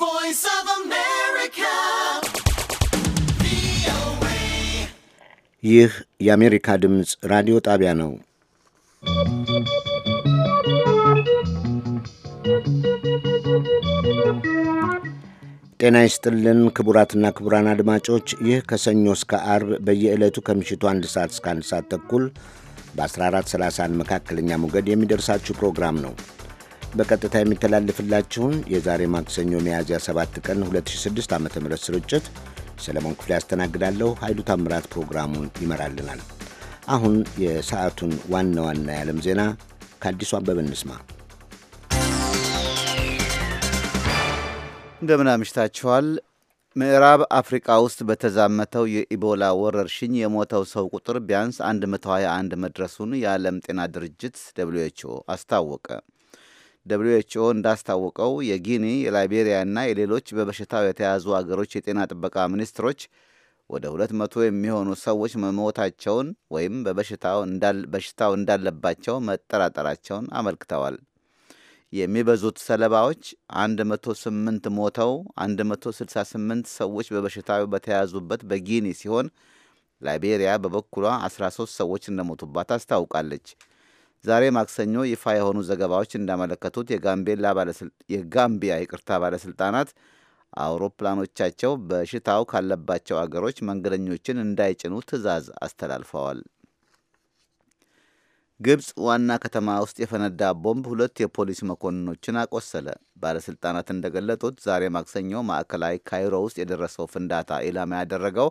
voice of America. ይህ የአሜሪካ ድምፅ ራዲዮ ጣቢያ ነው። ጤና ይስጥልን ክቡራትና ክቡራን አድማጮች ይህ ከሰኞ እስከ አርብ በየዕለቱ ከምሽቱ አንድ ሰዓት እስከ አንድ ሰዓት ተኩል በ1430 መካከለኛ ሞገድ የሚደርሳችሁ ፕሮግራም ነው። በቀጥታ የሚተላልፍላችሁን የዛሬ ማክሰኞ ሚያዝያ 7 ቀን 2006 ዓ ም ስርጭት ሰለሞን ክፍሌ ያስተናግዳለሁ። ኃይሉ ታምራት ፕሮግራሙን ይመራልናል። አሁን የሰዓቱን ዋና ዋና የዓለም ዜና ከአዲሱ አበበ እንስማ። እንደምን አምሽታችኋል። ምዕራብ አፍሪቃ ውስጥ በተዛመተው የኢቦላ ወረርሽኝ የሞተው ሰው ቁጥር ቢያንስ 121 መድረሱን የዓለም ጤና ድርጅት ደብልዩ ኤች ኦ አስታወቀ። ደብሊው ኤችኦ እንዳስታወቀው የጊኒ የላይቤሪያና የሌሎች በበሽታው የተያዙ አገሮች የጤና ጥበቃ ሚኒስትሮች ወደ ሁለት መቶ የሚሆኑ ሰዎች መሞታቸውን ወይም በበሽታው እንዳለባቸው መጠራጠራቸውን አመልክተዋል። የሚበዙት ሰለባዎች 108 ሞተው 168 ሰዎች በበሽታው በተያዙበት በጊኒ ሲሆን ላይቤሪያ በበኩሏ 13 ሰዎች እንደሞቱባት አስታውቃለች። ዛሬ ማክሰኞ ይፋ የሆኑ ዘገባዎች እንዳመለከቱት የጋምቢያ ይቅርታ ባለስልጣናት አውሮፕላኖቻቸው በሽታው ካለባቸው አገሮች መንገደኞችን እንዳይጭኑ ትዕዛዝ አስተላልፈዋል። ግብፅ ዋና ከተማ ውስጥ የፈነዳ ቦምብ ሁለት የፖሊስ መኮንኖችን አቆሰለ። ባለሥልጣናት እንደገለጡት ዛሬ ማክሰኞ ማዕከላዊ ካይሮ ውስጥ የደረሰው ፍንዳታ ኢላማ ያደረገው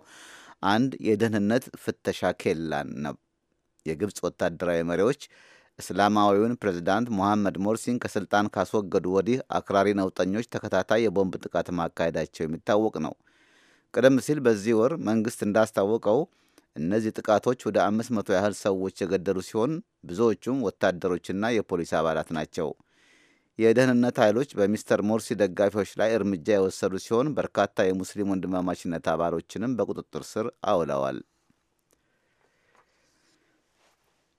አንድ የደህንነት ፍተሻ ኬላን ነው። የግብፅ ወታደራዊ መሪዎች እስላማዊውን ፕሬዝዳንት ሞሐመድ ሞርሲን ከስልጣን ካስወገዱ ወዲህ አክራሪ ነውጠኞች ተከታታይ የቦምብ ጥቃት ማካሄዳቸው የሚታወቅ ነው። ቀደም ሲል በዚህ ወር መንግስት እንዳስታወቀው እነዚህ ጥቃቶች ወደ አምስት መቶ ያህል ሰዎች የገደሉ ሲሆን ብዙዎቹም ወታደሮችና የፖሊስ አባላት ናቸው። የደህንነት ኃይሎች በሚስተር ሞርሲ ደጋፊዎች ላይ እርምጃ የወሰዱ ሲሆን በርካታ የሙስሊም ወንድማማችነት አባሎችንም በቁጥጥር ስር አውለዋል።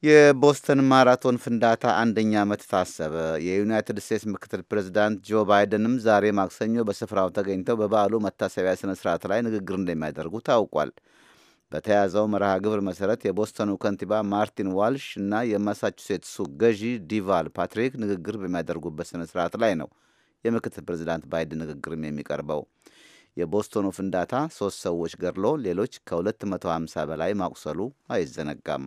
የቦስተን ማራቶን ፍንዳታ አንደኛ ዓመት ታሰበ። የዩናይትድ ስቴትስ ምክትል ፕሬዚዳንት ጆ ባይደንም ዛሬ ማክሰኞ በስፍራው ተገኝተው በበዓሉ መታሰቢያ ስነ ስርዓት ላይ ንግግር እንደሚያደርጉ ታውቋል። በተያዘው መርሃ ግብር መሠረት የቦስተኑ ከንቲባ ማርቲን ዋልሽ እና የማሳቹሴትሱ ገዢ ዲቫል ፓትሪክ ንግግር በሚያደርጉበት ስነ ስርዓት ላይ ነው የምክትል ፕሬዚዳንት ባይደን ንግግርም የሚቀርበው። የቦስተኑ ፍንዳታ ሦስት ሰዎች ገድሎ ሌሎች ከ250 በላይ ማቁሰሉ አይዘነጋም።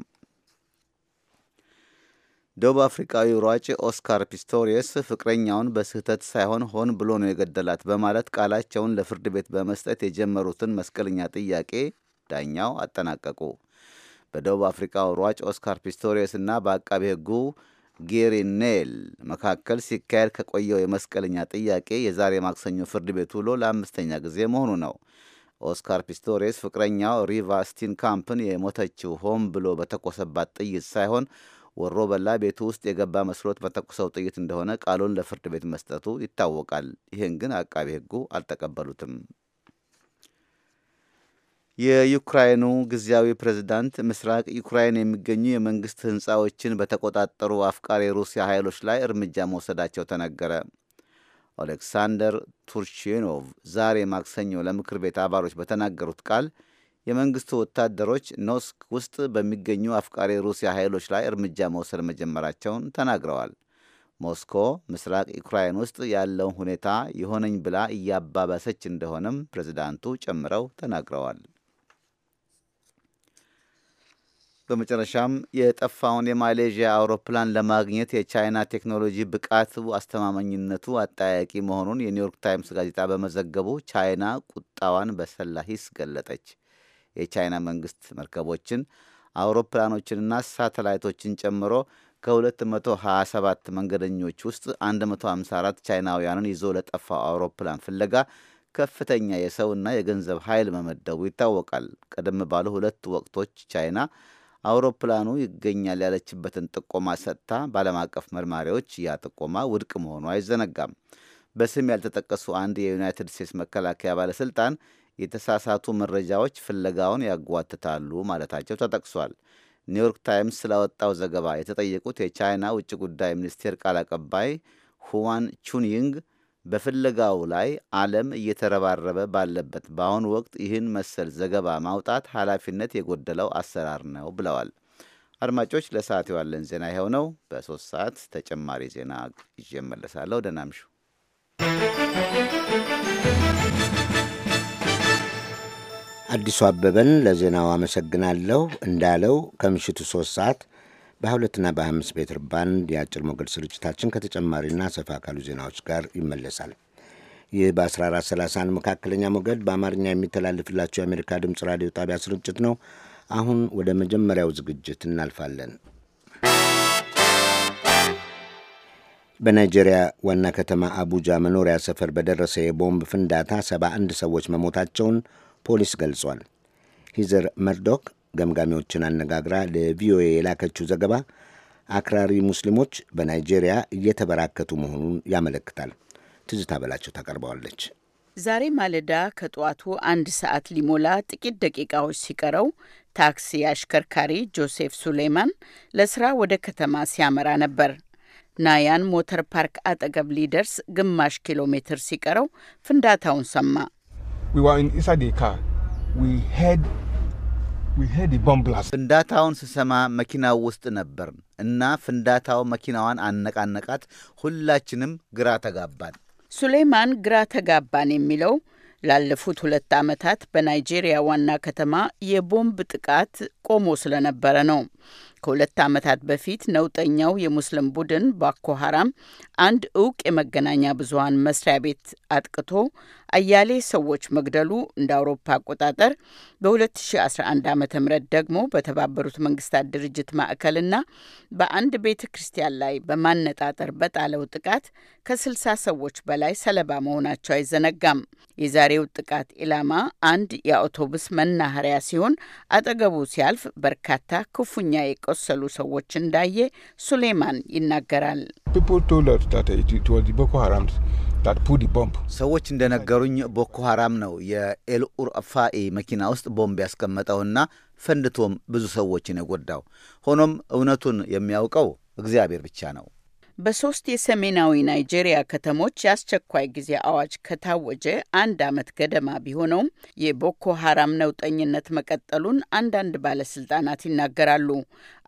ደቡብ አፍሪካዊ ሯጭ ኦስካር ፒስቶሪየስ ፍቅረኛውን በስህተት ሳይሆን ሆን ብሎ ነው የገደላት በማለት ቃላቸውን ለፍርድ ቤት በመስጠት የጀመሩትን መስቀለኛ ጥያቄ ዳኛው አጠናቀቁ። በደቡብ አፍሪካው ሯጭ ኦስካር ፒስቶሪየስ እና በአቃቢ ሕጉ ጌሪኔል መካከል ሲካሄድ ከቆየው የመስቀለኛ ጥያቄ የዛሬ ማክሰኞ ፍርድ ቤት ውሎ ለአምስተኛ ጊዜ መሆኑ ነው። ኦስካር ፒስቶሪየስ ፍቅረኛው ሪቫ ካምፕን የሞተችው ሆን ብሎ በተኮሰባት ጥይት ሳይሆን ወሮ በላ ቤቱ ውስጥ የገባ መስሎት በተኩሰው ጥይት እንደሆነ ቃሉን ለፍርድ ቤት መስጠቱ ይታወቃል። ይህን ግን አቃቤ ሕጉ አልተቀበሉትም። የዩክራይኑ ጊዜያዊ ፕሬዝዳንት ምስራቅ ዩክራይን የሚገኙ የመንግስት ህንፃዎችን በተቆጣጠሩ አፍቃሪ የሩሲያ ኃይሎች ላይ እርምጃ መውሰዳቸው ተነገረ። ኦሌክሳንደር ቱርቼኖቭ ዛሬ ማክሰኞ ለምክር ቤት አባሎች በተናገሩት ቃል የመንግስቱ ወታደሮች ኖስክ ውስጥ በሚገኙ አፍቃሪ ሩሲያ ኃይሎች ላይ እርምጃ መውሰድ መጀመራቸውን ተናግረዋል። ሞስኮ ምስራቅ ዩክራይን ውስጥ ያለውን ሁኔታ የሆነኝ ብላ እያባባሰች እንደሆነም ፕሬዝዳንቱ ጨምረው ተናግረዋል። በመጨረሻም የጠፋውን የማሌዥያ አውሮፕላን ለማግኘት የቻይና ቴክኖሎጂ ብቃት አስተማማኝነቱ አጠያያቂ መሆኑን የኒውዮርክ ታይምስ ጋዜጣ በመዘገቡ ቻይና ቁጣዋን በሰላ ሂስ ገለጠች። የቻይና መንግስት መርከቦችን አውሮፕላኖችንና ሳተላይቶችን ጨምሮ ከ227 መንገደኞች ውስጥ 154 ቻይናውያንን ይዞ ለጠፋው አውሮፕላን ፍለጋ ከፍተኛ የሰውና የገንዘብ ኃይል መመደቡ ይታወቃል። ቀደም ባሉ ሁለት ወቅቶች ቻይና አውሮፕላኑ ይገኛል ያለችበትን ጥቆማ ሰጥታ በዓለም አቀፍ መርማሪዎች ያ ጥቆማ ውድቅ መሆኑ አይዘነጋም። በስም ያልተጠቀሱ አንድ የዩናይትድ ስቴትስ መከላከያ ባለሥልጣን የተሳሳቱ መረጃዎች ፍለጋውን ያጓትታሉ ማለታቸው ተጠቅሷል። ኒውዮርክ ታይምስ ስላወጣው ዘገባ የተጠየቁት የቻይና ውጭ ጉዳይ ሚኒስቴር ቃል አቀባይ ሁዋን ቹንይንግ በፍለጋው ላይ ዓለም እየተረባረበ ባለበት በአሁኑ ወቅት ይህን መሰል ዘገባ ማውጣት ኃላፊነት የጎደለው አሰራር ነው ብለዋል። አድማጮች፣ ለሰዓት የዋለን ዜና ይኸው ነው። በሶስት ሰዓት ተጨማሪ ዜና ይዤ እመለሳለሁ። ደህና እምሹ። አዲሱ አበበን ለዜናው አመሰግናለሁ። እንዳለው ከምሽቱ ሶስት ሰዓት በ2ና ሜትር ባንድ የአጭር ሞገድ ስርጭታችን ከተጨማሪና ሰፋ ካሉ ዜናዎች ጋር ይመለሳል። ይህ በ1430 መካከለኛ ሞገድ በአማርኛ የሚተላለፍላቸው የአሜሪካ ድምፅ ራዲዮ ጣቢያ ስርጭት ነው። አሁን ወደ መጀመሪያው ዝግጅት እናልፋለን። በናይጄሪያ ዋና ከተማ አቡጃ መኖሪያ ሰፈር በደረሰ የቦምብ ፍንዳታ 71 ሰዎች መሞታቸውን ፖሊስ ገልጿል። ሂዘር መርዶክ ገምጋሚዎችን አነጋግራ ለቪኦኤ የላከችው ዘገባ አክራሪ ሙስሊሞች በናይጄሪያ እየተበራከቱ መሆኑን ያመለክታል። ትዝታ በላቸው ታቀርበዋለች። ዛሬ ማለዳ ከጠዋቱ አንድ ሰዓት ሊሞላ ጥቂት ደቂቃዎች ሲቀረው ታክሲ አሽከርካሪ ጆሴፍ ሱሌማን ለስራ ወደ ከተማ ሲያመራ ነበር። ናያን ሞተር ፓርክ አጠገብ ሊደርስ ግማሽ ኪሎ ሜትር ሲቀረው ፍንዳታውን ሰማ። we were in, inside the car we heard we heard the bomb blast ፍንዳታውን ስሰማ መኪናው ውስጥ ነበርን እና ፍንዳታው መኪናዋን አነቃነቃት። ሁላችንም ግራ ተጋባን። ሱሌማን ግራ ተጋባን የሚለው ላለፉት ሁለት ዓመታት በናይጄሪያ ዋና ከተማ የቦምብ ጥቃት ቆሞ ስለነበረ ነው። ከሁለት ዓመታት በፊት ነውጠኛው የሙስሊም ቡድን ባኮ ሀራም አንድ እውቅ የመገናኛ ብዙሀን መስሪያ ቤት አጥቅቶ አያሌ ሰዎች መግደሉ እንደ አውሮፓ አቆጣጠር በ2011 ዓ ም ደግሞ በተባበሩት መንግስታት ድርጅት ማዕከልና በአንድ ቤተ ክርስቲያን ላይ በማነጣጠር በጣለው ጥቃት ከ60 ሰዎች በላይ ሰለባ መሆናቸው አይዘነጋም። የዛሬው ጥቃት ኢላማ አንድ የአውቶቡስ መናኸሪያ ሲሆን አጠገቡ ሲያልፍ በርካታ ክፉኛ የቀ የቆሰሉ ሰዎች እንዳየ ሱሌማን ይናገራል። ሰዎች እንደነገሩኝ ቦኮ ሀራም ነው የኤልኡር ፋኤ መኪና ውስጥ ቦምብ ያስቀመጠውና ፈንድቶም ብዙ ሰዎችን የጎዳው። ሆኖም እውነቱን የሚያውቀው እግዚአብሔር ብቻ ነው። በሶስት የሰሜናዊ ናይጄሪያ ከተሞች የአስቸኳይ ጊዜ አዋጅ ከታወጀ አንድ ዓመት ገደማ ቢሆነውም የቦኮ ሀራም ነውጠኝነት መቀጠሉን አንዳንድ ባለስልጣናት ይናገራሉ።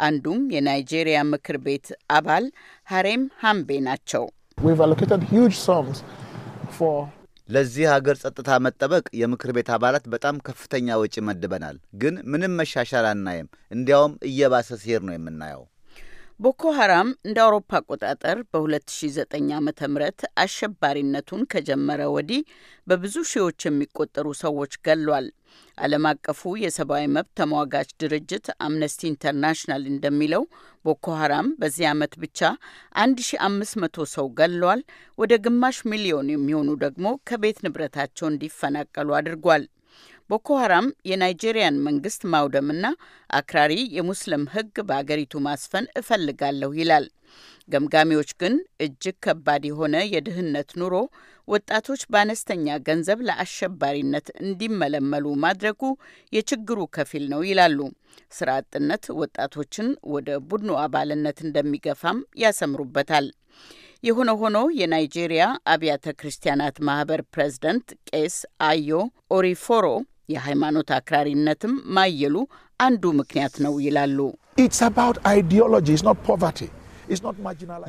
አንዱም የናይጄሪያ ምክር ቤት አባል ሀሬም ሀምቤ ናቸው። ለዚህ ሀገር ጸጥታ መጠበቅ የምክር ቤት አባላት በጣም ከፍተኛ ወጪ መድበናል፣ ግን ምንም መሻሻል አናየም። እንዲያውም እየባሰ ሲሄድ ነው የምናየው። ቦኮ ሀራም እንደ አውሮፓ አቆጣጠር በ2009 ዓ ም አሸባሪነቱን ከጀመረ ወዲህ በብዙ ሺዎች የሚቆጠሩ ሰዎች ገሏል። ዓለም አቀፉ የሰብአዊ መብት ተሟጋች ድርጅት አምነስቲ ኢንተርናሽናል እንደሚለው ቦኮ ሀራም በዚህ ዓመት ብቻ 1500 ሰው ገሏል። ወደ ግማሽ ሚሊዮን የሚሆኑ ደግሞ ከቤት ንብረታቸው እንዲፈናቀሉ አድርጓል። ቦኮ ሀራም የናይጄሪያን መንግስት ማውደምና አክራሪ የሙስሊም ህግ በአገሪቱ ማስፈን እፈልጋለሁ ይላል። ገምጋሚዎች ግን እጅግ ከባድ የሆነ የድህነት ኑሮ ወጣቶች በአነስተኛ ገንዘብ ለአሸባሪነት እንዲመለመሉ ማድረጉ የችግሩ ከፊል ነው ይላሉ። ስራ አጥነት ወጣቶችን ወደ ቡድኑ አባልነት እንደሚገፋም ያሰምሩበታል። የሆነ ሆኖ የናይጄሪያ አብያተ ክርስቲያናት ማህበር ፕሬዝደንት ቄስ አዮ ኦሪፎሮ የሃይማኖት አክራሪነትም ማየሉ አንዱ ምክንያት ነው ይላሉ።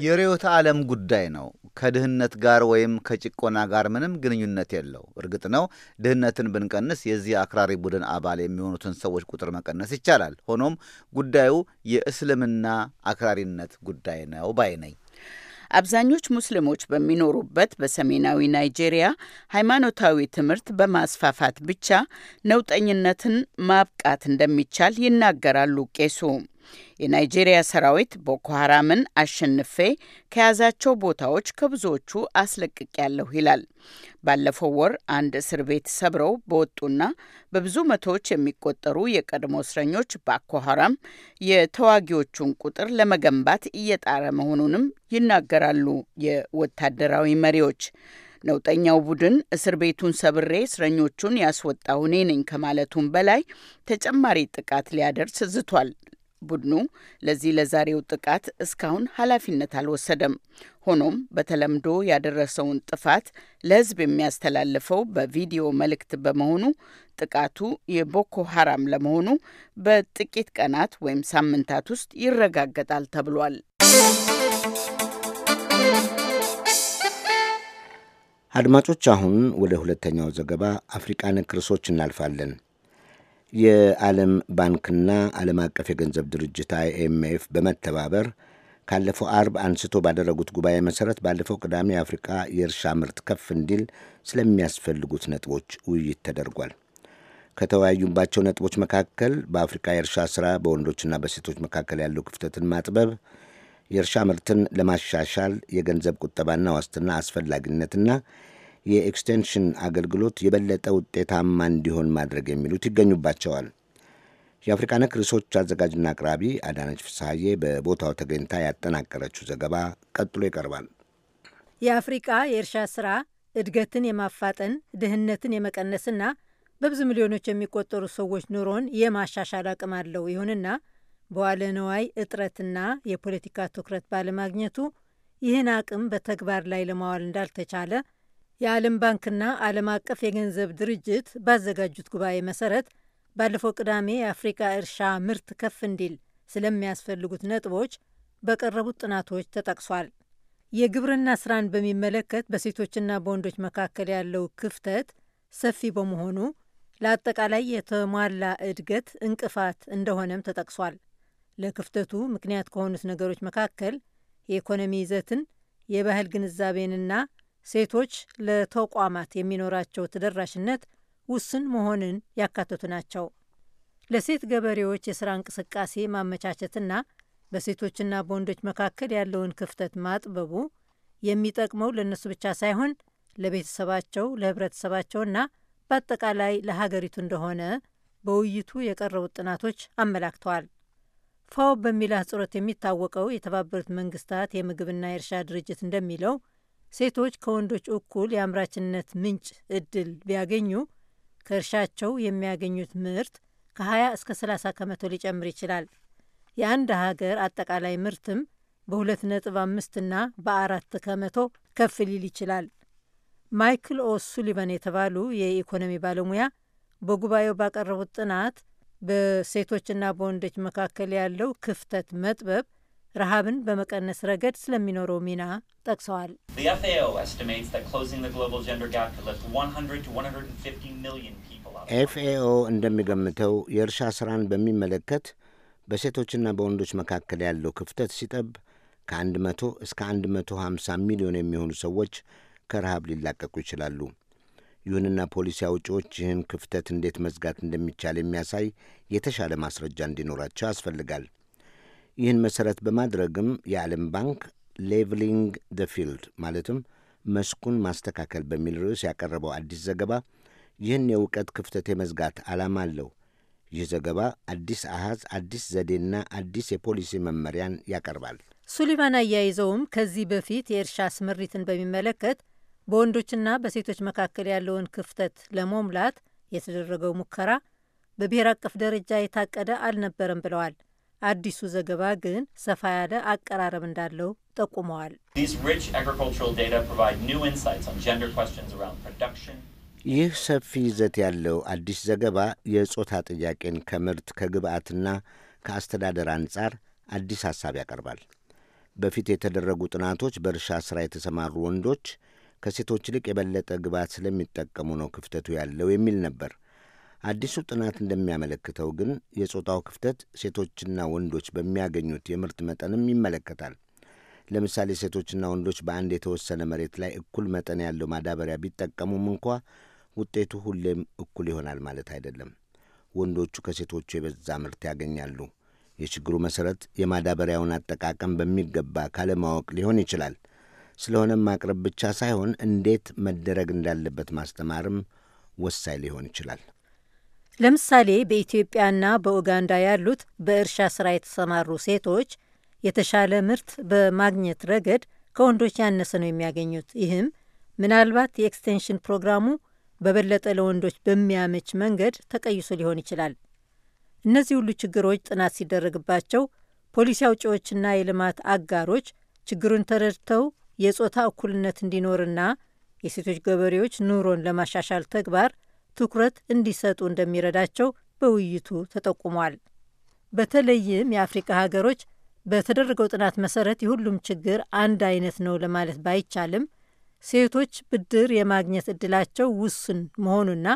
የርዕዮተ ዓለም ጉዳይ ነው። ከድህነት ጋር ወይም ከጭቆና ጋር ምንም ግንኙነት የለው። እርግጥ ነው ድህነትን ብንቀንስ የዚህ አክራሪ ቡድን አባል የሚሆኑትን ሰዎች ቁጥር መቀነስ ይቻላል። ሆኖም ጉዳዩ የእስልምና አክራሪነት ጉዳይ ነው ባይ ነኝ። አብዛኞች ሙስሊሞች በሚኖሩበት በሰሜናዊ ናይጄሪያ ሃይማኖታዊ ትምህርት በማስፋፋት ብቻ ነውጠኝነትን ማብቃት እንደሚቻል ይናገራሉ ቄሱ። የናይጄሪያ ሰራዊት ቦኮ ሀራምን አሸንፌ ከያዛቸው ቦታዎች ከብዙዎቹ ያለሁ ይላል። ባለፈው ወር አንድ እስር ቤት ሰብረው በወጡና በብዙ መቶዎች የሚቆጠሩ የቀድሞ እስረኞች ቦኮ ሀራም የተዋጊዎቹን ቁጥር ለመገንባት እየጣረ መሆኑንም ይናገራሉ የወታደራዊ መሪዎች። ነውጠኛው ቡድን እስር ቤቱን ሰብሬ እስረኞቹን ያስወጣው እኔ ነኝ ከማለቱም በላይ ተጨማሪ ጥቃት ሊያደርስ ዝቷል። ቡድኑ ለዚህ ለዛሬው ጥቃት እስካሁን ኃላፊነት አልወሰደም። ሆኖም በተለምዶ ያደረሰውን ጥፋት ለሕዝብ የሚያስተላልፈው በቪዲዮ መልእክት በመሆኑ ጥቃቱ የቦኮ ሀራም ለመሆኑ በጥቂት ቀናት ወይም ሳምንታት ውስጥ ይረጋገጣል ተብሏል። አድማጮች፣ አሁን ወደ ሁለተኛው ዘገባ አፍሪቃ ነክ ርዕሶች እናልፋለን። የዓለም ባንክና ዓለም አቀፍ የገንዘብ ድርጅት አይኤምኤፍ በመተባበር ካለፈው አርብ አንስቶ ባደረጉት ጉባኤ መሠረት ባለፈው ቅዳሜ የአፍሪቃ የእርሻ ምርት ከፍ እንዲል ስለሚያስፈልጉት ነጥቦች ውይይት ተደርጓል። ከተወያዩባቸው ነጥቦች መካከል በአፍሪካ የእርሻ ሥራ በወንዶችና በሴቶች መካከል ያለው ክፍተትን ማጥበብ፣ የእርሻ ምርትን ለማሻሻል የገንዘብ ቁጠባና ዋስትና አስፈላጊነትና የኤክስቴንሽን አገልግሎት የበለጠ ውጤታማ እንዲሆን ማድረግ የሚሉት ይገኙባቸዋል። የአፍሪካ ነክ ርዕሶች አዘጋጅና አቅራቢ አዳነች ፍስሐዬ በቦታው ተገኝታ ያጠናቀረችው ዘገባ ቀጥሎ ይቀርባል። የአፍሪቃ የእርሻ ስራ እድገትን የማፋጠን ድህነትን የመቀነስና በብዙ ሚሊዮኖች የሚቆጠሩ ሰዎች ኑሮን የማሻሻል አቅም አለው። ይሁንና በዋለ ነዋይ እጥረትና የፖለቲካ ትኩረት ባለማግኘቱ ይህን አቅም በተግባር ላይ ለማዋል እንዳልተቻለ የዓለም ባንክና ዓለም አቀፍ የገንዘብ ድርጅት ባዘጋጁት ጉባኤ መሰረት ባለፈው ቅዳሜ የአፍሪካ እርሻ ምርት ከፍ እንዲል ስለሚያስፈልጉት ነጥቦች በቀረቡት ጥናቶች ተጠቅሷል። የግብርና ስራን በሚመለከት በሴቶችና በወንዶች መካከል ያለው ክፍተት ሰፊ በመሆኑ ለአጠቃላይ የተሟላ እድገት እንቅፋት እንደሆነም ተጠቅሷል። ለክፍተቱ ምክንያት ከሆኑት ነገሮች መካከል የኢኮኖሚ ይዘትን፣ የባህል ግንዛቤንና ሴቶች ለተቋማት የሚኖራቸው ተደራሽነት ውስን መሆንን ያካተቱ ናቸው። ለሴት ገበሬዎች የሥራ እንቅስቃሴ ማመቻቸትና በሴቶችና በወንዶች መካከል ያለውን ክፍተት ማጥበቡ የሚጠቅመው ለእነሱ ብቻ ሳይሆን ለቤተሰባቸው፣ ለህብረተሰባቸውና በአጠቃላይ ለሀገሪቱ እንደሆነ በውይይቱ የቀረቡት ጥናቶች አመላክተዋል። ፋው በሚል አህጽሮት የሚታወቀው የተባበሩት መንግስታት የምግብና የእርሻ ድርጅት እንደሚለው ሴቶች ከወንዶች እኩል የአምራችነት ምንጭ እድል ቢያገኙ ከእርሻቸው የሚያገኙት ምርት ከ20 እስከ 30 ከመቶ ሊጨምር ይችላል። የአንድ ሀገር አጠቃላይ ምርትም በ2.5 እና በ4 ከመቶ ከፍ ሊል ይችላል። ማይክል ኦ ሱሊቨን የተባሉ የኢኮኖሚ ባለሙያ በጉባኤው ባቀረቡት ጥናት በሴቶችና በወንዶች መካከል ያለው ክፍተት መጥበብ ረሃብን በመቀነስ ረገድ ስለሚኖረው ሚና ጠቅሰዋል። ኤፍኤኦ እንደሚገምተው የእርሻ ሥራን በሚመለከት በሴቶችና በወንዶች መካከል ያለው ክፍተት ሲጠብ ከ100 እስከ 150 ሚሊዮን የሚሆኑ ሰዎች ከረሃብ ሊላቀቁ ይችላሉ። ይሁንና ፖሊሲ አውጪዎች ይህን ክፍተት እንዴት መዝጋት እንደሚቻል የሚያሳይ የተሻለ ማስረጃ እንዲኖራቸው ያስፈልጋል። ይህን መሠረት በማድረግም የዓለም ባንክ ሌቭሊንግ ደ ፊልድ ማለትም መስኩን ማስተካከል በሚል ርዕስ ያቀረበው አዲስ ዘገባ ይህን የእውቀት ክፍተት የመዝጋት ዓላማ አለው። ይህ ዘገባ አዲስ አሃዝ፣ አዲስ ዘዴና አዲስ የፖሊሲ መመሪያን ያቀርባል። ሱሊቫን አያይዘውም ከዚህ በፊት የእርሻ ስምሪትን በሚመለከት በወንዶችና በሴቶች መካከል ያለውን ክፍተት ለመሙላት የተደረገው ሙከራ በብሔር አቀፍ ደረጃ የታቀደ አልነበረም ብለዋል። አዲሱ ዘገባ ግን ሰፋ ያለ አቀራረብ እንዳለው ጠቁመዋል። ይህ ሰፊ ይዘት ያለው አዲስ ዘገባ የጾታ ጥያቄን ከምርት ከግብአትና ከአስተዳደር አንጻር አዲስ ሐሳብ ያቀርባል። በፊት የተደረጉ ጥናቶች በእርሻ ሥራ የተሰማሩ ወንዶች ከሴቶች ይልቅ የበለጠ ግብአት ስለሚጠቀሙ ነው ክፍተቱ ያለው የሚል ነበር። አዲሱ ጥናት እንደሚያመለክተው ግን የጾታው ክፍተት ሴቶችና ወንዶች በሚያገኙት የምርት መጠንም ይመለከታል። ለምሳሌ ሴቶችና ወንዶች በአንድ የተወሰነ መሬት ላይ እኩል መጠን ያለው ማዳበሪያ ቢጠቀሙም እንኳ ውጤቱ ሁሌም እኩል ይሆናል ማለት አይደለም። ወንዶቹ ከሴቶቹ የበዛ ምርት ያገኛሉ። የችግሩ መሠረት የማዳበሪያውን አጠቃቀም በሚገባ ካለማወቅ ሊሆን ይችላል። ስለሆነም ማቅረብ ብቻ ሳይሆን እንዴት መደረግ እንዳለበት ማስተማርም ወሳኝ ሊሆን ይችላል። ለምሳሌ በኢትዮጵያና በኡጋንዳ ያሉት በእርሻ ስራ የተሰማሩ ሴቶች የተሻለ ምርት በማግኘት ረገድ ከወንዶች ያነሰ ነው የሚያገኙት። ይህም ምናልባት የኤክስቴንሽን ፕሮግራሙ በበለጠ ለወንዶች በሚያመች መንገድ ተቀይሶ ሊሆን ይችላል። እነዚህ ሁሉ ችግሮች ጥናት ሲደረግባቸው ፖሊሲ አውጪዎችና የልማት አጋሮች ችግሩን ተረድተው የጾታ እኩልነት እንዲኖርና የሴቶች ገበሬዎች ኑሮን ለማሻሻል ተግባር ትኩረት እንዲሰጡ እንደሚረዳቸው በውይይቱ ተጠቁሟል። በተለይም የአፍሪካ ሀገሮች በተደረገው ጥናት መሰረት የሁሉም ችግር አንድ አይነት ነው ለማለት ባይቻልም ሴቶች ብድር የማግኘት እድላቸው ውስን መሆኑና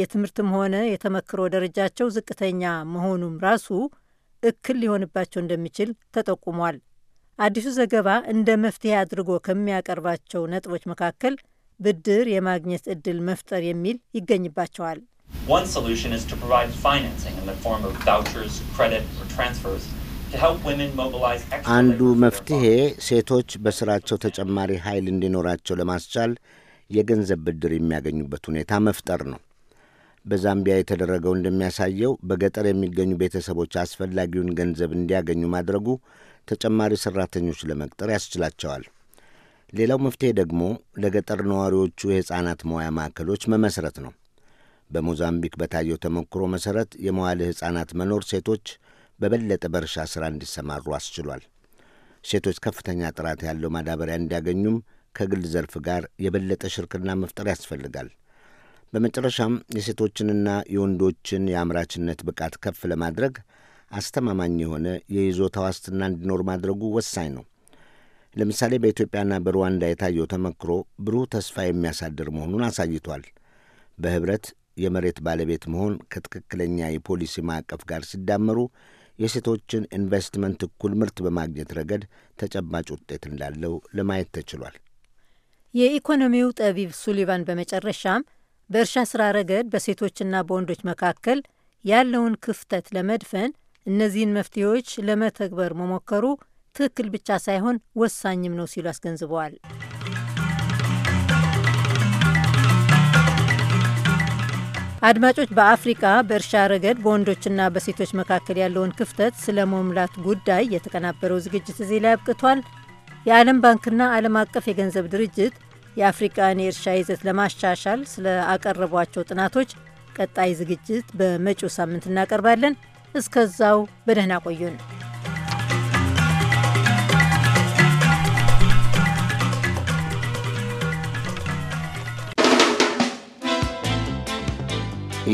የትምህርትም ሆነ የተመክሮ ደረጃቸው ዝቅተኛ መሆኑም ራሱ እክል ሊሆንባቸው እንደሚችል ተጠቁሟል። አዲሱ ዘገባ እንደ መፍትሄ አድርጎ ከሚያቀርባቸው ነጥቦች መካከል ብድር የማግኘት እድል መፍጠር የሚል ይገኝባቸዋል። አንዱ መፍትሄ ሴቶች በስራቸው ተጨማሪ ኃይል እንዲኖራቸው ለማስቻል የገንዘብ ብድር የሚያገኙበት ሁኔታ መፍጠር ነው። በዛምቢያ የተደረገው እንደሚያሳየው በገጠር የሚገኙ ቤተሰቦች አስፈላጊውን ገንዘብ እንዲያገኙ ማድረጉ ተጨማሪ ሠራተኞች ለመቅጠር ያስችላቸዋል። ሌላው መፍትሄ ደግሞ ለገጠር ነዋሪዎቹ የሕፃናት መዋያ ማዕከሎች መመስረት ነው። በሞዛምቢክ በታየው ተሞክሮ መሠረት የመዋለ ሕፃናት መኖር ሴቶች በበለጠ በእርሻ ሥራ እንዲሰማሩ አስችሏል። ሴቶች ከፍተኛ ጥራት ያለው ማዳበሪያ እንዲያገኙም ከግል ዘርፍ ጋር የበለጠ ሽርክና መፍጠር ያስፈልጋል። በመጨረሻም የሴቶችንና የወንዶችን የአምራችነት ብቃት ከፍ ለማድረግ አስተማማኝ የሆነ የይዞታ ዋስትና እንዲኖር ማድረጉ ወሳኝ ነው። ለምሳሌ በኢትዮጵያና በሩዋንዳ የታየው ተመክሮ ብሩህ ተስፋ የሚያሳድር መሆኑን አሳይቷል። በህብረት የመሬት ባለቤት መሆን ከትክክለኛ የፖሊሲ ማዕቀፍ ጋር ሲዳመሩ የሴቶችን ኢንቨስትመንት እኩል ምርት በማግኘት ረገድ ተጨባጭ ውጤት እንዳለው ለማየት ተችሏል። የኢኮኖሚው ጠቢብ ሱሊቫን በመጨረሻም በእርሻ ስራ ረገድ በሴቶችና በወንዶች መካከል ያለውን ክፍተት ለመድፈን እነዚህን መፍትሄዎች ለመተግበር መሞከሩ ትክክል ብቻ ሳይሆን ወሳኝም ነው ሲሉ አስገንዝበዋል። አድማጮች፣ በአፍሪካ በእርሻ ረገድ በወንዶችና በሴቶች መካከል ያለውን ክፍተት ስለ መሙላት ጉዳይ የተቀናበረው ዝግጅት እዚህ ላይ አብቅቷል። የዓለም ባንክና ዓለም አቀፍ የገንዘብ ድርጅት የአፍሪቃን የእርሻ ይዘት ለማሻሻል ስለ አቀረቧቸው ጥናቶች ቀጣይ ዝግጅት በመጪው ሳምንት እናቀርባለን። እስከዛው በደህና ቆዩን።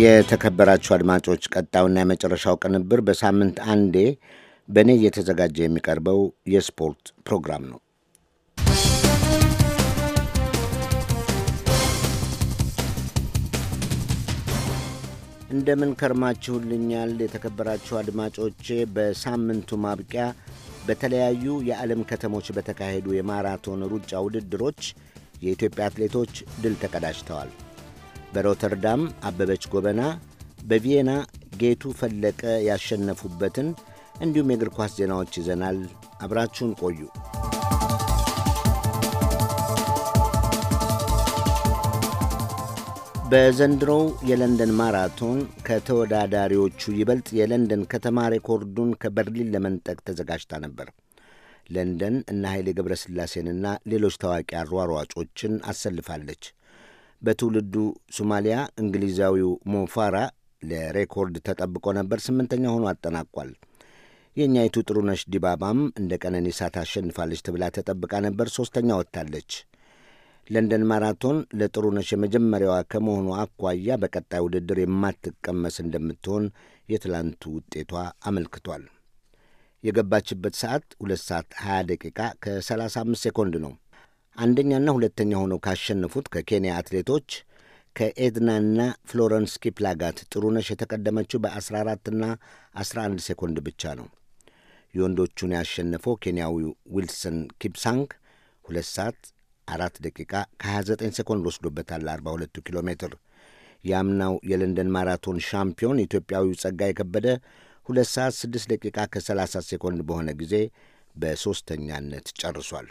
የተከበራችሁ አድማጮች ቀጣውና የመጨረሻው ቅንብር በሳምንት አንዴ በእኔ እየተዘጋጀ የሚቀርበው የስፖርት ፕሮግራም ነው። እንደምን ከርማችሁልኛል የተከበራችሁ አድማጮቼ። በሳምንቱ ማብቂያ በተለያዩ የዓለም ከተሞች በተካሄዱ የማራቶን ሩጫ ውድድሮች የኢትዮጵያ አትሌቶች ድል ተቀዳጅተዋል። በሮተርዳም አበበች ጎበና፣ በቪየና ጌቱ ፈለቀ ያሸነፉበትን እንዲሁም የእግር ኳስ ዜናዎች ይዘናል። አብራችሁን ቆዩ። በዘንድሮው የለንደን ማራቶን ከተወዳዳሪዎቹ ይበልጥ የለንደን ከተማ ሬኮርዱን ከበርሊን ለመንጠቅ ተዘጋጅታ ነበር። ለንደን እና ኃይሌ ገብረስላሴንና ሌሎች ታዋቂ አሯሯጮችን አሰልፋለች። በትውልዱ ሶማሊያ እንግሊዛዊው ሞፋራ ለሬኮርድ ተጠብቆ ነበር፣ ስምንተኛ ሆኖ አጠናቋል። የእኛይቱ ጥሩነሽ ዲባባም እንደ ቀነኒሳ ታሸንፋለች ተብላ ተጠብቃ ነበር፣ ሦስተኛ ወጥታለች። ለንደን ማራቶን ለጥሩነሽ የመጀመሪያዋ ከመሆኑ አኳያ በቀጣይ ውድድር የማትቀመስ እንደምትሆን የትላንቱ ውጤቷ አመልክቷል። የገባችበት ሰዓት 2 ሰዓት 20 ደቂቃ ከ35 ሴኮንድ ነው። አንደኛና ሁለተኛ ሆነው ካሸነፉት ከኬንያ አትሌቶች ከኤድናና ፍሎረንስ ኪፕላጋት ጥሩነሽ የተቀደመችው በ14ና 11 ሴኮንድ ብቻ ነው። የወንዶቹን ያሸነፈው ኬንያዊው ዊልሰን ኪፕሳንግ 2 ሰዓት 4 ደቂቃ ከ29 ሴኮንድ ወስዶበታል 42 ኪሎ ሜትር። የአምናው የለንደን ማራቶን ሻምፒዮን ኢትዮጵያዊው ጸጋዬ ከበደ 2 ሰዓት 6 ደቂቃ ከ30 ሴኮንድ በሆነ ጊዜ በሦስተኛነት ጨርሷል።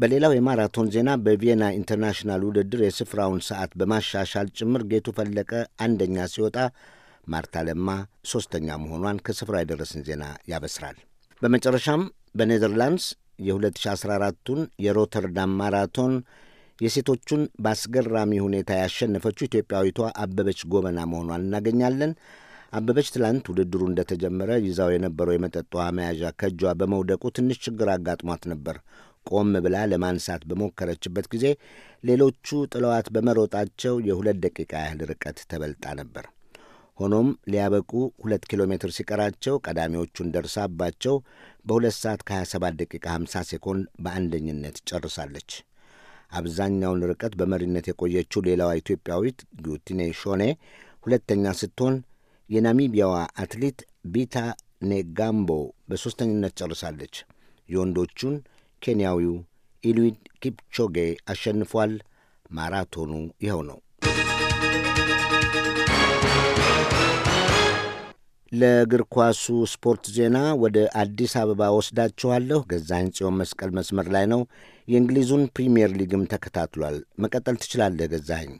በሌላው የማራቶን ዜና በቪየና ኢንተርናሽናል ውድድር የስፍራውን ሰዓት በማሻሻል ጭምር ጌቱ ፈለቀ አንደኛ ሲወጣ ማርታ ለማ ሦስተኛ መሆኗን ከስፍራ የደረስን ዜና ያበስራል። በመጨረሻም በኔዘርላንድስ የ2014ቱን የሮተርዳም ማራቶን የሴቶቹን በአስገራሚ ሁኔታ ያሸነፈችው ኢትዮጵያዊቷ አበበች ጎበና መሆኗን እናገኛለን። አበበች ትላንት ውድድሩ እንደተጀመረ ይዛው የነበረው የመጠጥ ውሃ መያዣ ከእጇ በመውደቁ ትንሽ ችግር አጋጥሟት ነበር። ቆም ብላ ለማንሳት በሞከረችበት ጊዜ ሌሎቹ ጥለዋት በመሮጣቸው የሁለት ደቂቃ ያህል ርቀት ተበልጣ ነበር። ሆኖም ሊያበቁ ሁለት ኪሎ ሜትር ሲቀራቸው ቀዳሚዎቹን ደርሳባቸው በሁለት ሰዓት ከ27 ደቂቃ 50 ሴኮንድ በአንደኝነት ጨርሳለች። አብዛኛውን ርቀት በመሪነት የቆየችው ሌላዋ ኢትዮጵያዊት ጊቲኔ ሾኔ ሁለተኛ ስትሆን የናሚቢያዋ አትሌት ቢታ ኔጋምቦ በሦስተኝነት ጨርሳለች። የወንዶቹን ኬንያዊው ኢሉድ ኪፕቾጌ አሸንፏል። ማራቶኑ ይኸው ነው። ለእግር ኳሱ ስፖርት ዜና ወደ አዲስ አበባ ወስዳችኋለሁ። ገዛኸኝ ጽዮን መስቀል መስመር ላይ ነው። የእንግሊዙን ፕሪምየር ሊግም ተከታትሏል። መቀጠል ትችላለህ ገዛኸኝ።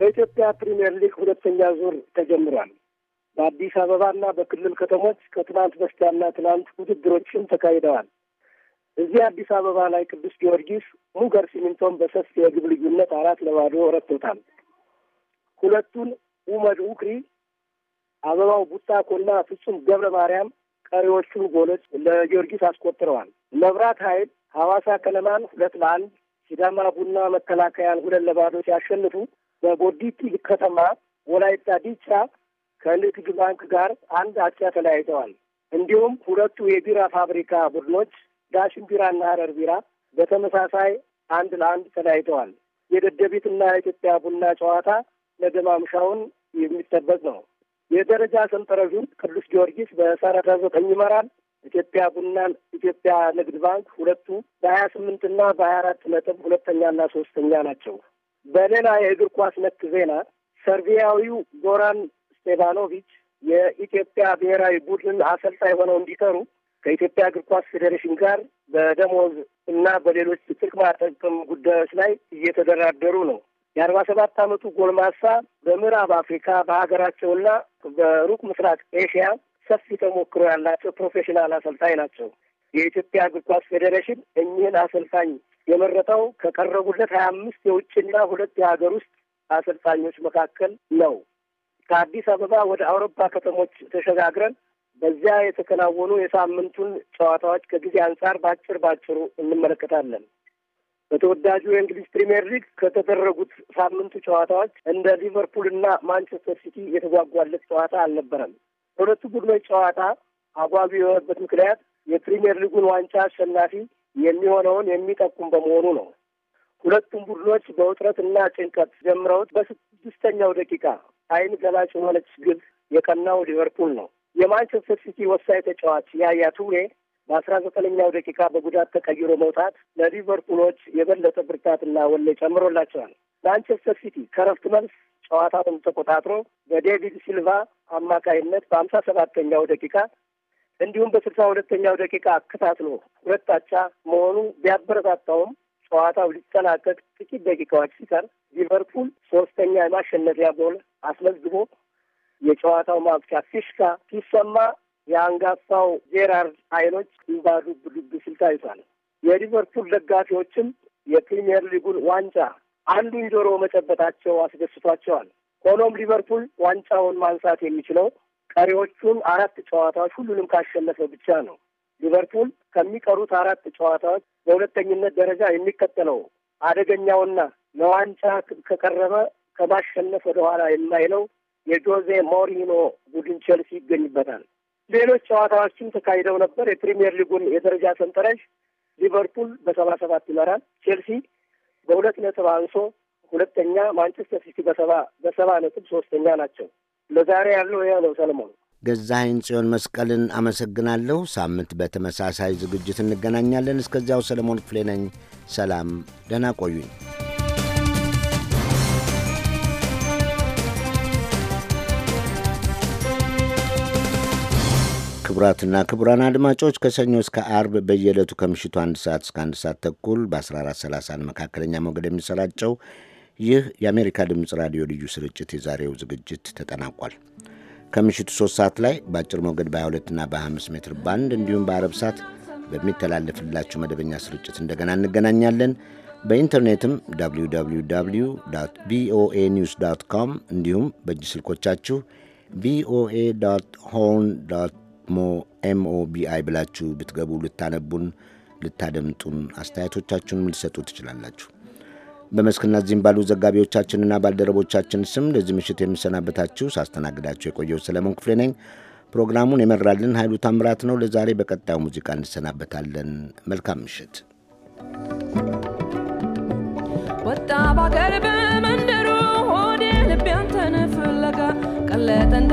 በኢትዮጵያ ፕሪምየር ሊግ ሁለተኛ ዙር ተጀምሯል። በአዲስ አበባና በክልል ከተሞች ከትናንት በስቲያና ትናንት ውድድሮችም ተካሂደዋል። እዚህ አዲስ አበባ ላይ ቅዱስ ጊዮርጊስ ሙገር ሲሚንቶን በሰፊ የግብ ልዩነት አራት ለባዶ ረቶታል። ሁለቱን ኡመድ ኡክሪ፣ አበባው ቡታኮና ፍጹም ገብረ ማርያም ቀሪዎቹን ጎሎች ለጊዮርጊስ አስቆጥረዋል። መብራት ኃይል ሐዋሳ ከነማን ሁለት ለአንድ፣ ሲዳማ ቡና መከላከያን ሁለት ለባዶ ሲያሸንፉ በቦዲቲ ከተማ ወላይታ ዲቻ ከንግድ ባንክ ጋር አንድ አቻ ተለያይተዋል። እንዲሁም ሁለቱ የቢራ ፋብሪካ ቡድኖች ዳሽን ቢራና ሀረር ቢራ በተመሳሳይ አንድ ለአንድ ተለያይተዋል። የደደቢትና የኢትዮጵያ ቡና ጨዋታ ነገ ማምሻውን የሚጠበቅ ነው። የደረጃ ሰንጠረዡን ቅዱስ ጊዮርጊስ በሰላሳ ዘጠኝ ይመራል። ኢትዮጵያ ቡናን ኢትዮጵያ ንግድ ባንክ ሁለቱ በሀያ ስምንትና በሀያ አራት ነጥብ ሁለተኛና ሶስተኛ ናቸው። በሌላ የእግር ኳስ ነክ ዜና ሰርቪያዊው ጎራን ስቴቫኖቪች የኢትዮጵያ ብሔራዊ ቡድን አሰልጣኝ ሆነው እንዲሰሩ ከኢትዮጵያ እግር ኳስ ፌዴሬሽን ጋር በደሞዝ እና በሌሎች ጥቅማ ጥቅም ጉዳዮች ላይ እየተደራደሩ ነው። የአርባ ሰባት ዓመቱ ጎልማሳ በምዕራብ አፍሪካ በሀገራቸውና በሩቅ ምስራቅ ኤሽያ ሰፊ ተሞክሮ ያላቸው ፕሮፌሽናል አሰልጣኝ ናቸው። የኢትዮጵያ እግር ኳስ ፌዴሬሽን እኚህን አሰልጣኝ የመረጠው ከቀረቡለት ሀያ አምስት የውጭና ሁለት የሀገር ውስጥ አሰልጣኞች መካከል ነው። ከአዲስ አበባ ወደ አውሮፓ ከተሞች ተሸጋግረን በዚያ የተከናወኑ የሳምንቱን ጨዋታዎች ከጊዜ አንጻር በአጭር ባጭሩ እንመለከታለን። በተወዳጁ የእንግሊዝ ፕሪምየር ሊግ ከተደረጉት ሳምንቱ ጨዋታዎች እንደ ሊቨርፑል እና ማንቸስተር ሲቲ የተጓጓለት ጨዋታ አልነበረም። በሁለቱ ቡድኖች ጨዋታ አጓጊ የሆነበት ምክንያት የፕሪምየር ሊጉን ዋንጫ አሸናፊ የሚሆነውን የሚጠቁም በመሆኑ ነው። ሁለቱም ቡድኖች በውጥረትና ጭንቀት ጀምረውት በስድስተኛው ደቂቃ አይን ገላጭ የሆነች ግብ የቀናው ሊቨርፑል ነው። የማንቸስተር ሲቲ ወሳኝ ተጫዋች ያያ ቱሬ በአስራ ዘጠነኛው ደቂቃ በጉዳት ተቀይሮ መውጣት ለሊቨርፑሎች የበለጠ ብርታትና ወሌ ጨምሮላቸዋል። ማንቸስተር ሲቲ ከረፍት መልስ ጨዋታውን ተቆጣጥሮ በዴቪድ ሲልቫ አማካይነት በሀምሳ ሰባተኛው ደቂቃ እንዲሁም በስልሳ ሁለተኛው ደቂቃ አከታትሎ ሁለት አቻ መሆኑ ቢያበረታታውም ጨዋታው ሊጠናቀቅ ጥቂት ደቂቃዎች ሲቀር ሊቨርፑል ሶስተኛ የማሸነፊያ ጎል አስመዝግቦ የጨዋታው ማብቂያ ፊሽካ ሲሰማ የአንጋፋው ጄራርድ አይኖች እንባ ዱብ ዱብ ሲል ታይቷል። የሊቨርፑል ደጋፊዎችም የፕሪምየር ሊጉን ዋንጫ አንዱን ጆሮ መጨበጣቸው አስደስቷቸዋል። ሆኖም ሊቨርፑል ዋንጫውን ማንሳት የሚችለው ቀሪዎቹን አራት ጨዋታዎች ሁሉንም ካሸነፈ ብቻ ነው። ሊቨርፑል ከሚቀሩት አራት ጨዋታዎች በሁለተኝነት ደረጃ የሚከተለው አደገኛውና ለዋንጫ ከቀረበ ከማሸነፍ ወደኋላ የማይለው የጆዜ ሞሪኖ ቡድን ቼልሲ ይገኝበታል። ሌሎች ጨዋታዎችም ተካሂደው ነበር። የፕሪሚየር ሊጉን የደረጃ ሰንጠረዥ ሊቨርፑል በሰባ ሰባት ይመራል። ቼልሲ በሁለት ነጥብ አንሶ ሁለተኛ፣ ማንቸስተር ሲቲ በሰባ በሰባ ነጥብ ሶስተኛ ናቸው። ለዛሬ ያለው ያ ነው። ሰለሞን ገዛኸኝ ጽዮን መስቀልን አመሰግናለሁ። ሳምንት በተመሳሳይ ዝግጅት እንገናኛለን። እስከዚያው ሰለሞን ክፍሌ ነኝ። ሰላም፣ ደህና ቆዩኝ። ክቡራትና ክቡራን አድማጮች ከሰኞ እስከ አርብ በየዕለቱ ከምሽቱ አንድ ሰዓት እስከ አንድ ሰዓት ተኩል በ1430 መካከለኛ ሞገድ የሚሰራጨው ይህ የአሜሪካ ድምፅ ራዲዮ ልዩ ስርጭት የዛሬው ዝግጅት ተጠናቋል። ከምሽቱ 3 ሰዓት ላይ በአጭር ሞገድ በ22ና በ25 ሜትር ባንድ እንዲሁም በአረብ ሰዓት በሚተላለፍላችሁ መደበኛ ስርጭት እንደገና እንገናኛለን። በኢንተርኔትም www ቪኦኤ ኒውስ ዶት ኮም እንዲሁም በእጅ ስልኮቻችሁ ቪኦኤ ሆርን ኤምኦቢአይ ብላችሁ ብትገቡ ልታነቡን፣ ልታደምጡን፣ አስተያየቶቻችሁንም ልሰጡ ትችላላችሁ። በመስክና እዚህም ባሉ ዘጋቢዎቻችንና ባልደረቦቻችን ስም ለዚህ ምሽት የምሰናበታችሁ ሳስተናግዳችሁ የቆየው ሰለሞን ክፍሌ ነኝ። ፕሮግራሙን የመራልን ኃይሉ ታምራት ነው። ለዛሬ በቀጣዩ ሙዚቃ እንሰናበታለን። መልካም ምሽት። ወጣ ባገር በመንደሩ ሆዴ ልቤ አንተን ፍለጋ ቀለጠ እንደ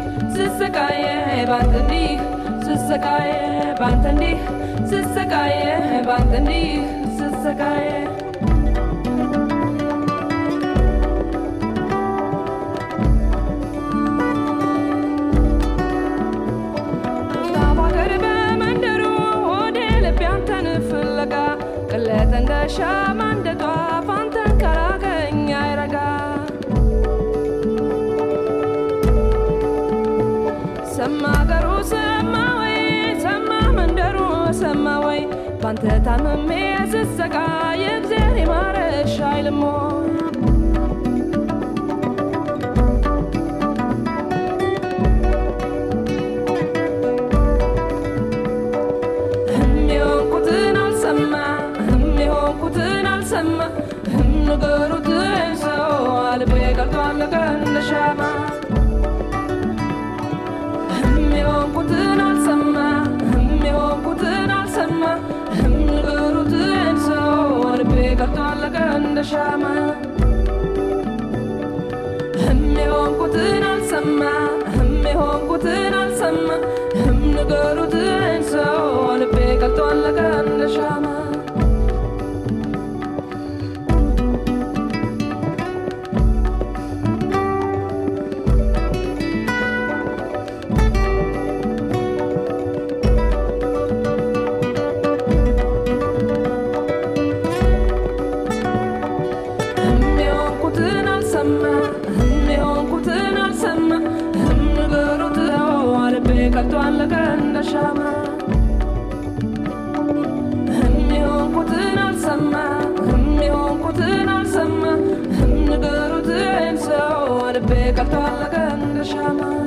ስሰቃየ ባንተ እንዲህ ስሰቃየ ባንተ እንዲህ ስሰቃየ ባንተ እንዲህ ስሰቃየ ፍለጋ ቅለት እንደ ሻማ እንደ ተታምሜ ስሰቃይ እግዜር ይማረሽ አይልሞ Him, you, ቀርቶ አለቀ እንደ ሻማ እህም የሆንኩትን አልሰማ እህም የሆንኩትን አልሰማ እህም ንገሩትን ሰው ልቤ ቀርቶ አለቀ እንደ ሻማ Sisakaye,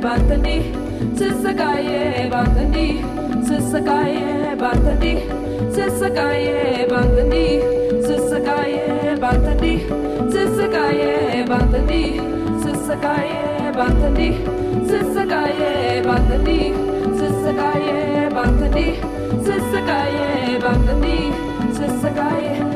Bantandi, Sisakaye, Bantani. Sisakaye Bantandi, Sisakaye Bantandi, Sisakaye Bantandi, Sisakaye Bantandi, Sisakaye Bantandi, Sisakaye Bantandi, Sisakaye Bantandi, Sisakaye